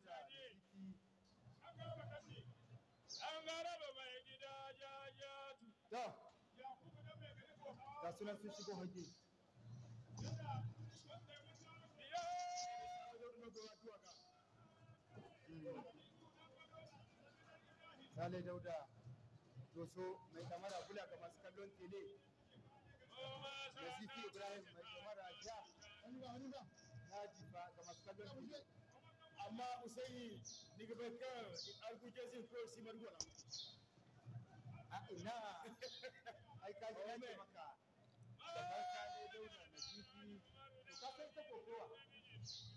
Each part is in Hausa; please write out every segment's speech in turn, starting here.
da an garaba sunan sun shigo Sale Dauda mai kamara ga masu kallon tele Ibrahim mai kamara ja kallon tele amma usai niga bakar arguje zin ko si margona a ina ai ka ji maka da ne dauna na jiki to ka ta kokowa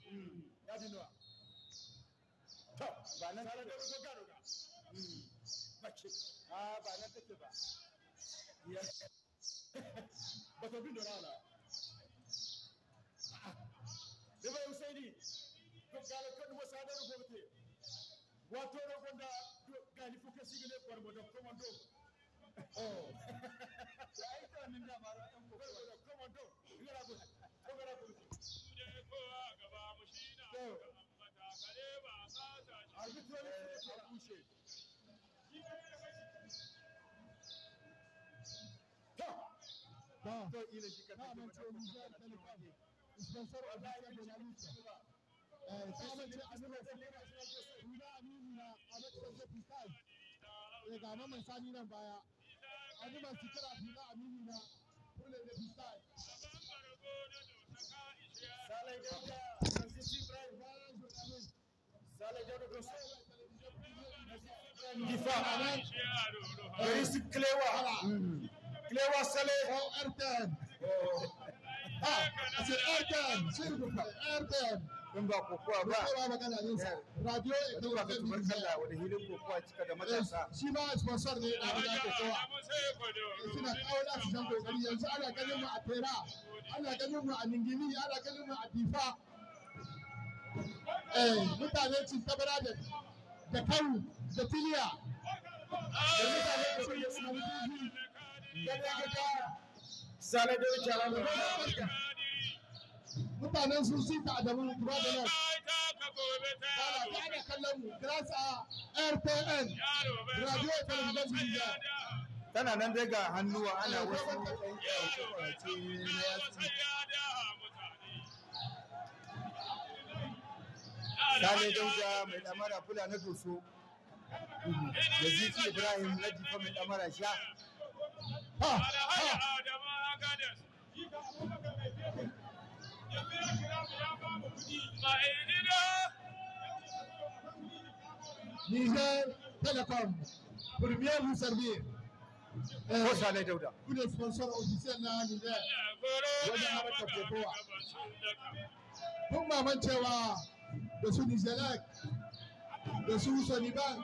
ya to ba nan ko garo ga bace hmm. a ah, ba nan take ba ya ba to bin da rana jalekon wasadar gote wato na gonda gani fuka sigile kwarbo da komando oh ya yi ta min da mara dan ko da komando ngara go ko gara go ne ko gaba mushina ga ambata kare ba sa ta eh. shi arbitrary ta kushe ta to ila shi ka ta ta sponsor of the kasance amina nan baya abubuwan Sale Ah, c'est airtime, s'il vous plaît, airtime. in ba kokowa ba radio da ba ka tubar kalla wani hilin kokowa cika da matasa shi ma sponsor ne a wajen kokowa suna kawo da su san kokari yanzu ana ganin mu a tera ana ganin mu a ningini ana ganin mu a difa eh mutane cin tabara da da karu da tiliya da mutane da suke suna mutunci da ya ga sale da wuce hannu mutanen sun suka adamu kuma da nan kala ta ana kallon mu grass a rtn radio television media tana nan dai ga hannuwa ana wasu Sale Dauda mai damara fula na doso da Ziki Ibrahim na jifa mai damara sha. Ha, ha, Gardens. Shi ka Abubakar mai fefe. Niger vous Ko Salai Dauda. Ku ne sponsor officiel na Niger. Eh, Wajen haɓaka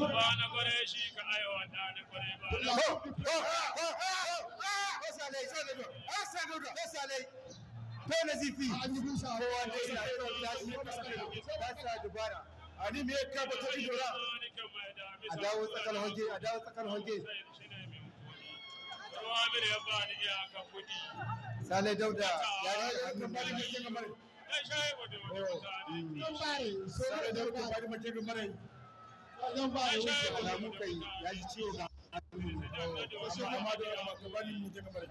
ba na kware shi ka aiwa da na kware ba zifi da sa dubara ani me ka ba ta idora a Sale Dauda ya bari ga mare. Sale Dauda bari mace ga mare. zan ba da wuce alamu kai ya ji ciwo ga wasu kama da gabanin mu ta kamar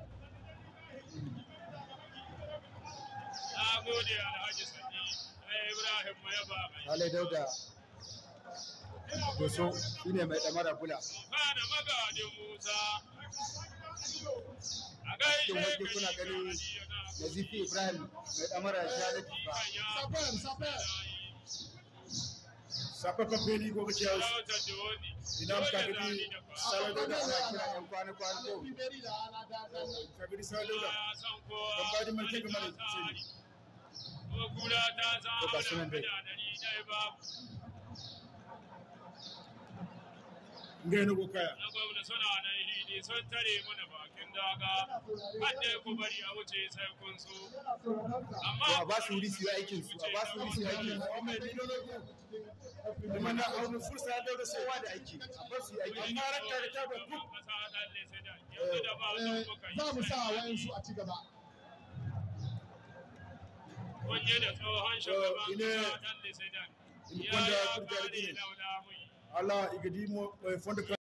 na gode alhaji sani ibrahim mayaba mai alai dauda doso shi ne mai ɗamara bula ba da magadin musa a gaishe kai kuna ganin nazifi ibrahim mai ɗamara shalaki ba safar safar sakwakwar ko gobe chelsea ina muka gabi saladoda ana kira yan kwana kwana ah, ko kabiri saladoda don ba jimar ke gama da ce ne ko ba sunan bai ngai no bokaya gwamna suna hidi sun tare mana bakin daga hadda ku bari a wuce sai kun so amma ba su wuri su yi aikin su ba su wuri su yi aikin su amma ni ku kuma na aure fursa da aiki a bar su yi aiki amma ku za mu sa su a ci gaba da tsohon shugaban kasa ya yi Ala, igadimo fonde kun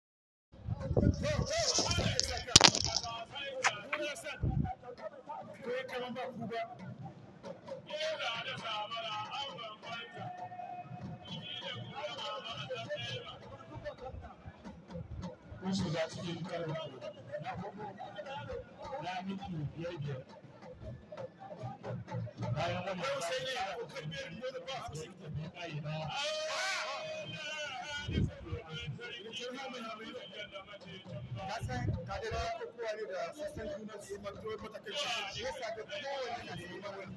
shiga cikin karin na hudu na miki yi kasan kadira kokowa ne da sassan junar su mantuwar matakan shi ya sa da kowane na su mawar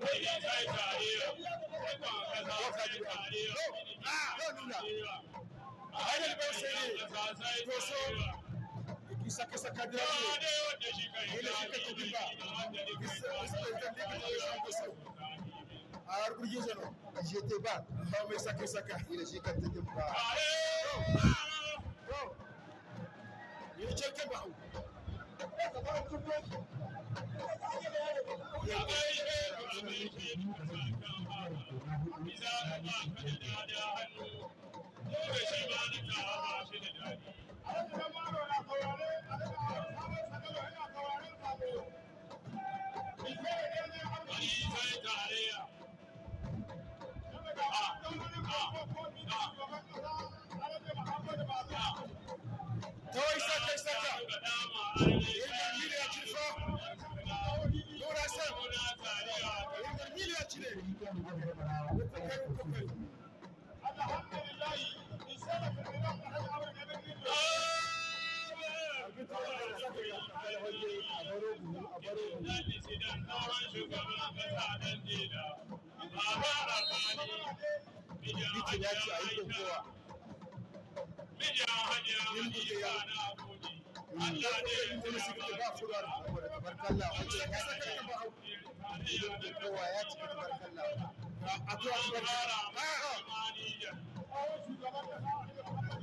Wai Haidar Bausai ne, Toso, Isa kasa kadira ne, ila shi ka tafi ba, Isa da kadira ne, da shi ka tafi a harkar gizo no, jete ba, ba mai saka-saka, ila shi ka tafi ba. Ya ce ka ba hau. Ya bai idan tsohon shugaban kasa dan jida baba alkali mijin hajiya aisha mijin hajiya aisha na kudi Allah ne ya kuma shi ke ba fura da kuma da tabarkalla wacce ya saka ta ba idan da kowa ya ci ta tabarkalla a to a tabarkalla a a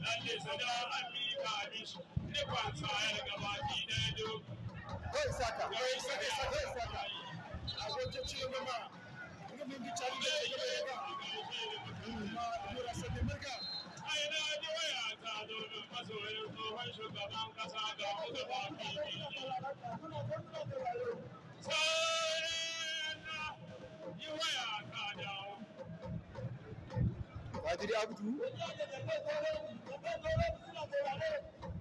lalle sadar amika bishi ne kwansa ya gabaki na duk Wai saka. Wai saka. Wai saka. Abokin ci gaba. Kuma mun bicari da ci gaba yaba. Kuma Nura Sani Murga. Ai da ji waya ta domin masoyin tsohon shugaban kasa ga kuka ba ki. Sai na yi waya ta dawo. Kadiri Abdu.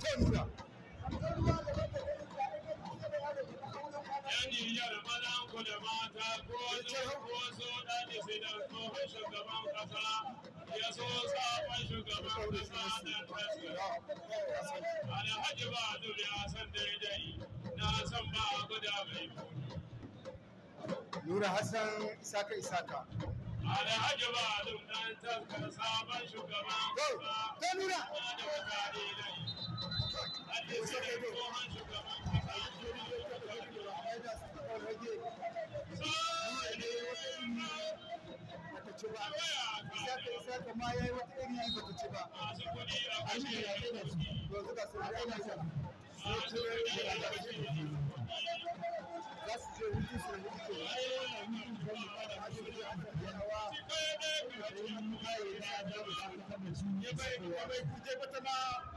zai nuna yan niyyar madanku da mata ko zai ko so daji sai da tsohon shugaban kasa ya so sabon shugaban kasa da tasira alhaji ba dole ya san daidai na san ba a guda mai Nura Hassan Isaka Isaka. Alhaji ba dum dan taskar sabon shugaban kasa. Ko Nura. Da mutane dai. ci ba isaka isaka ma yayi wata iri ba ta ci ba an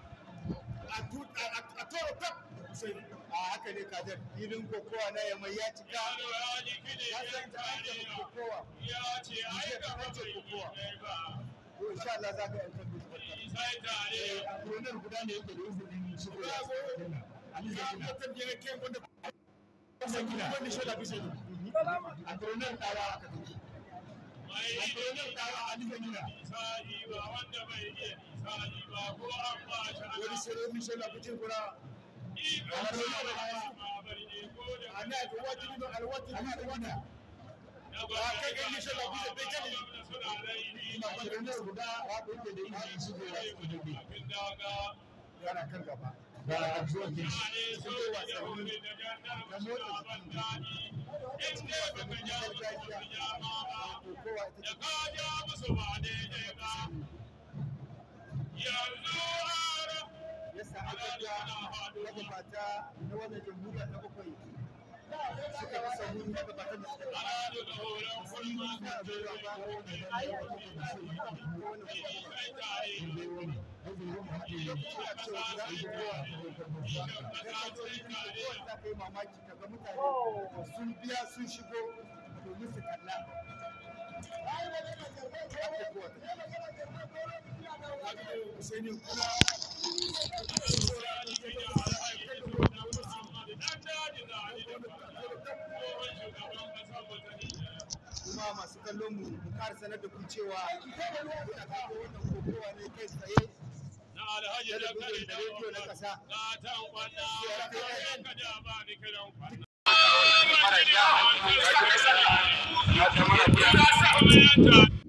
a toro sai a haka ne kajar filin kokowa na yamma ya cika ya san an kokowa ya ce ai ga kokowa insha Allah za ka sai guda ne yake da izinin shi ko ali kuma ta kai wanda sai wanda shi da a aka ali sai wanda bai iya wani sere misola kutir kura ana da wata nino alwata nino alwata ba ka ga misola kutir bai kani ina kwanar da guda a ɗauke da inji su ne rai dubi yana kan gaba ga ke shi wasa wani da motsa jiki ne ba magabata na wannan jamhuriya na bakwai suka fi samu magabatan da suka mamaki kaga mutane sun biya sun shigo domin su kalla sai ne kuma kuma masu kallon mu mu ƙara sanar da ku cewa kuna kawo wannan kokowa ne kai tsaye na alhaji da kare da rediyo na ƙasa na ta kwana ya ka da ba ni kiran kwana ya ta mana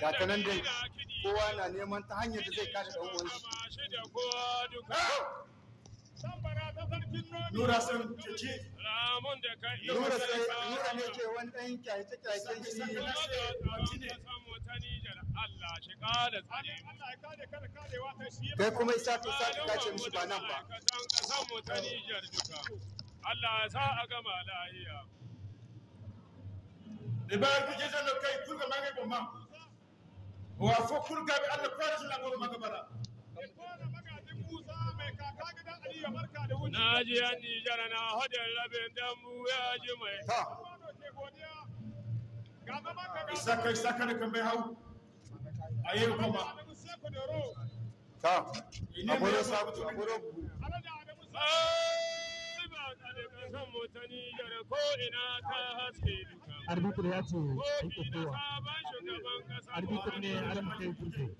ga ta nan dai kowa na neman ta hanyar da zai kashe ɗan uwansa nura sun ceci nura sai nura ne ke wani ɗan kyace shi ne na kai kuma isa to sa ka ce mishi ba nan ba Allah a gama lahiya ku je zan kai kurga gomma wa fo kurga bi Allah Na ji yan Nijar na hadin rabin dambu ya ji mai. Isa kai isa da kan bai hau. A yau kuma. Ta, a gudun sabutu, a gudun ku. Arbitr ya ce, "Ai, kowa." Arbitr ne alamta mm. ya kurfe.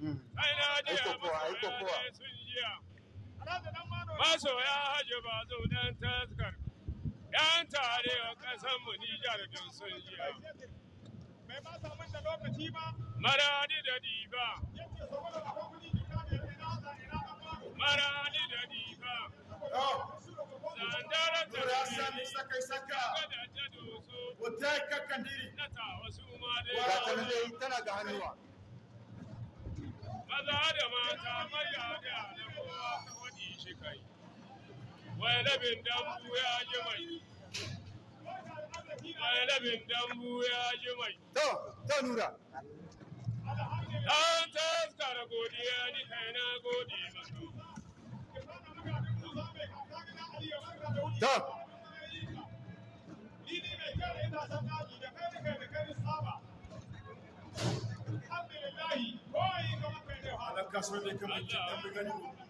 yi kowa, ai, kowa. masoya hajji ba zaunan taskar yan tarewa mu Nijar don sun jiya. Bai ba samun da lokaci ba? Maradi da diba. Maradi da diba. Zandara ta rabi. Na ta wasu ma dai. Tana ga hannuwa. Maza da mata, marya da alamowa. shi kai wai labin dambu ya ji mai wai labin dambu ya ji mai to to nura dan taskara godiya ni kai na gode maka to Allah kasuwa ne kamar kin dan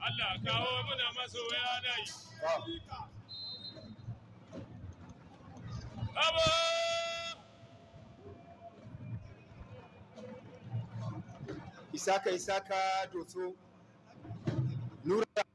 Allah kawo muna masoya na yi. Abo! Isaka Isaka Doso Nura